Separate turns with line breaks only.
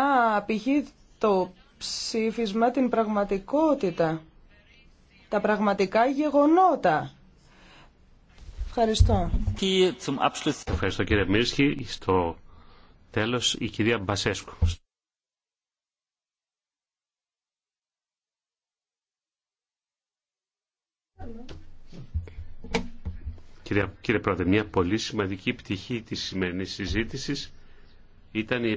μετά το ψήφισμα την πραγματικότητα, τα πραγματικά γεγονότα. Ευχαριστώ.
Ευχαριστώ κύριε Μίρσκι. Στο τέλος η κυρία Μπασέσκου. Κύριε, κύριε Πρόεδρε, μια πολύ σημαντική πτυχή της σημερινής συζήτησης ήταν η